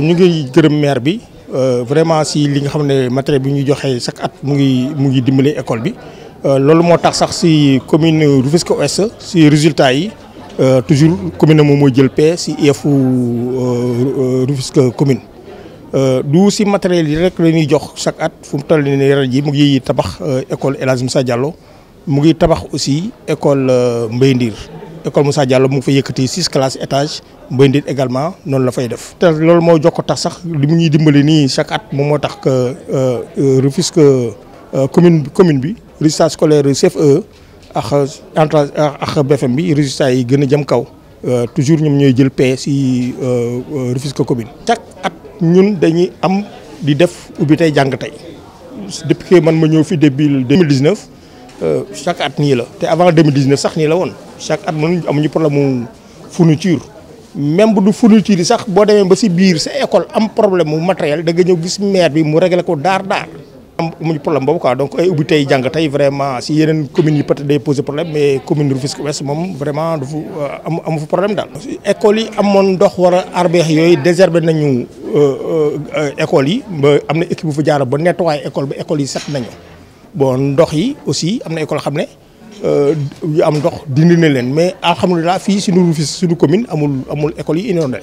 ñu ngi gërëm maire bi euh, vraiment si li nga xam ne matériel bi ñu joxe chaque at mu ngi mu ngi dimbali école bi euh, loolu moo tax sax si commune Rufisque Ouest si résultat yi euh, toujours commune moom mooy jël pe si IEF Rufisque commune. du si matériel yi rek la ñuy jox chaque at fu mu toll nii ren ji mu ngi tabax école El sa Moussa mu ngi tabax aussi école Mbaye Ndir école Moussa Diallo mu fa yëkëti 6 classe étage mbëndit également non la fay def té lool mo jox ko tax sax limu ñuy dimbali ni chaque at mo motax que euh, euh refus que euh, commune commune bi résultat scolaire CFE ak entre ak BFM bi résultat yi gëna jëm kaw euh, toujours ñom ñoy jël P si euh refus que commune chaque at ñun dañuy am di def ubité jang tay depuis que man ma ñëw fi début 2019 Euh, chaque at là, la avant 2019 sax nii la woon chaque at mënuñ amuñu problème mu fourniture même bu du fourniture yi sax boo demee ba si biir c'est école am problème mu matériel da nga ñëw gis mais bi mu réglé ko dar. daar. am amuñu problème boobu quoi donc ay ubbi tey jàng vraiment si yeneen communes yi peut-être day poser problème mais commune Rufisque Ouest moom vraiment du am euh, amu problème là, école yi amoon ndox war a arbeex yooyu désherber nañu euh, école yi ba am équipe de fa jaar nettoyage, nettoyer école école yi set nañu. bon ndox yi aussi am na école xam ne euh, yu am ndox dindi leen mais alhamdulilah fii suñu fi suñu commune amul amul école yi inondée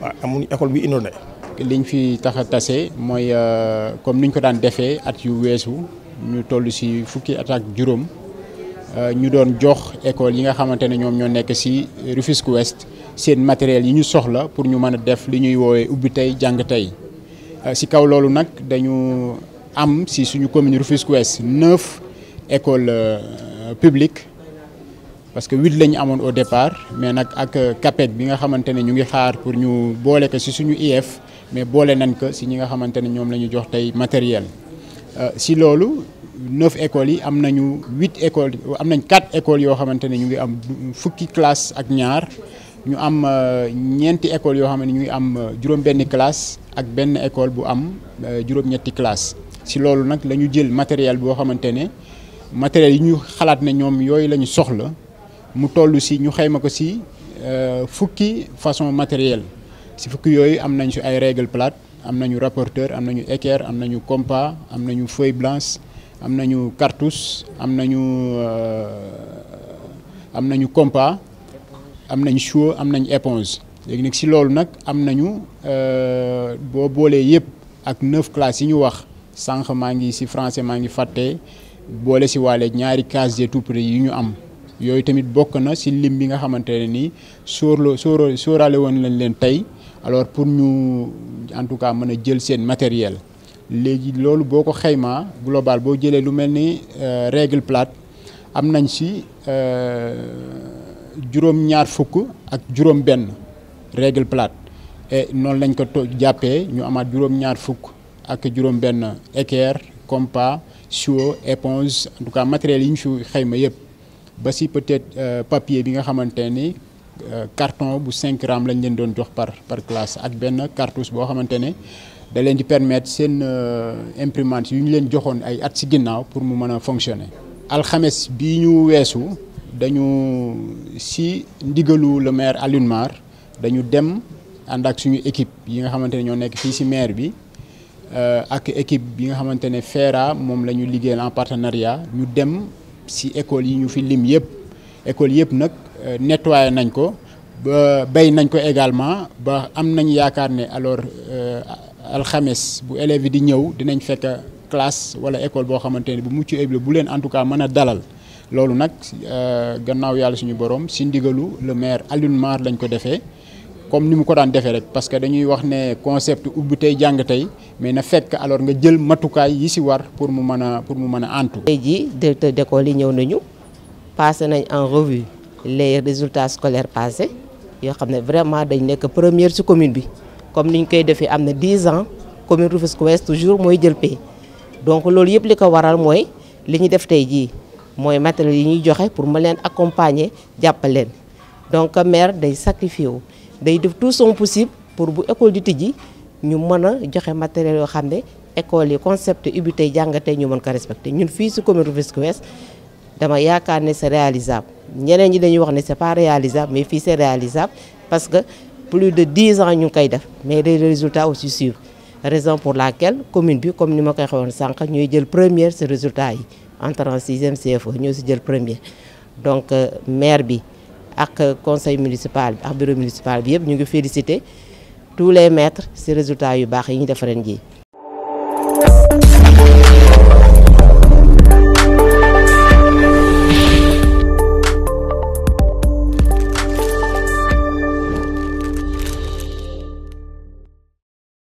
waaw amul école bi inondée. liñ fi tax a tase mooy euh, comme niñ ko daan defee at yu weesu ñu toll si fukki at ak juróom euh, ñu doon jox école yi nga xamante ne ñoom ñoo nekk si Rufisque Ouest seen matériel yi ñu soxla pour ñu mën a def li ñuy woowee ubbi tey jàng tey si kaw loolu nag dañu. am ci suñu commune Rufus Kouès 9 écoles euh, publiques parce que 8 lañ amone au départ mais nak ak euh, capet bi nga xamantene ñu ngi xaar pour ñu bolé ko ci suñu IF mais bolé nañ ko ci ñi nga xamantene ñom lañu jox tay matériel euh ci lolu 9 écoles yi am nañu 8 écoles am nañ 4 écoles yo xamantene ñu ngi am fukki classe ak ñaar ñu am euh, ñenti école yo xamantene ñu ngi am juroom benn classe ak benn école bu am juroom ñetti classe si loolu n'ak lañu jël matériel bo xamantene matériel yi ñu xalaat ne ñom yoy lañu soxla mu tollu ci ñu xayma ko euh fukki façon matériel si fukki yoy am nañ si ay règle plate am nañu rapporteur am nañu équerre am nañu compas am nañu feuille blanche am nañu cartouche am nañu euh, am nañu compas am nañ chou am nañ éponge légui n'ak si loolu nak am nañu euh, bo bolé yépp ak neuf classes yi ñu wax sànq maa ngi si français maa ngi fàtte boole si waale ñaari casier tout près yi ñu am yooyu tamit bokk na si lim bi nga xamante ne nii sóorloo sóoroo sóoraale woon lañ leen tey alors pour ñu en tout cas mën a jël seen matériel léegi loolu boo ko xaymaa global boo jëlee lu mel ni euh, règle plate am nañ si euh, juróom-ñaar fukk ak juróom-benn règle plate noonu lañ ko to jàppee ñu amaat juróom-ñaar fukk. ak juróom-benn équerre compas seau éponge en tout cas matériel yi ñu fi xayma ba si peut-être euh, papier bi nga xamante ni euh, carton bu 5 rames lañ leen doon jox par par classe ak benn cartouche boo xamante ne da leen di permettre seen euh, imprimante yu ñu leen joxoon ay at si ginnaaw pour mu mën a Al alxames bi ñu weesu dañu si ndigalu le maire Alioune Mar dañu dem ànd ak suñu équipe yi nga xamante ne ñoo nekk fii si maire bi. Euh, ak équipe bi nga xamante ne FERA moom la ñu liggéeyal en partenariat ñu dem si école yi ñu fi lim yëpp école yëpp nag euh, nettoyé nañ ko ba bay nañ ko également ba am nañ yaakaar ne alors euh, alxames bu élèves di ñëw dinañ fekk classe wala école boo xamante ne bu mucc ayib bu leen en tout cas mën a dalal loolu nag gannaaw yàlla suñu borom si ndigalu le maire Alioune Mar lañ ko defee. comme ni mu ko daan defee rek parce que dañuy wax ne concept ubbi tey jàng tey mais na fekk alors nga jël matukaay yi ci war pour mu mën pour mu mën a antu. tey jii directeur d'école yi ñëw nañu passé nañ en revue les résultats scolaires passés yo xamné vraiment dañ nek première ci commune bi comme niñ koy defee amna 10 ans commune Rufisque Ouest toujours mooy jël pé donc loolu yépp liko waral moy liñu def tay ji moy matériel yi ñuy joxé pour ma leen accompagner jàppal leen donc maire day sacrifié day def tout son possible pour bu école di Tidji ñu mën a joxe matériel yoo xam ne école yi concept ubbi tey jàngatee ñu mën ko respecté ñun fii si commune risque west dama yaakaar ne c'est réalisable ñeneen ñi dañuy wax ne c'est pas réalisable mais fii c'est réalisable parce que plus de 10 ans ñu koy def mais les résultats aussi suivent raison pour laquelle commune bi comme ni ma koy xewoon sànq ñooy jël première ces résultats yi entre 6e CFE ñoo si jël première donc euh, maire bi le conseil municipal le le bureau municipal nous félicitons tous les maîtres ces résultats yu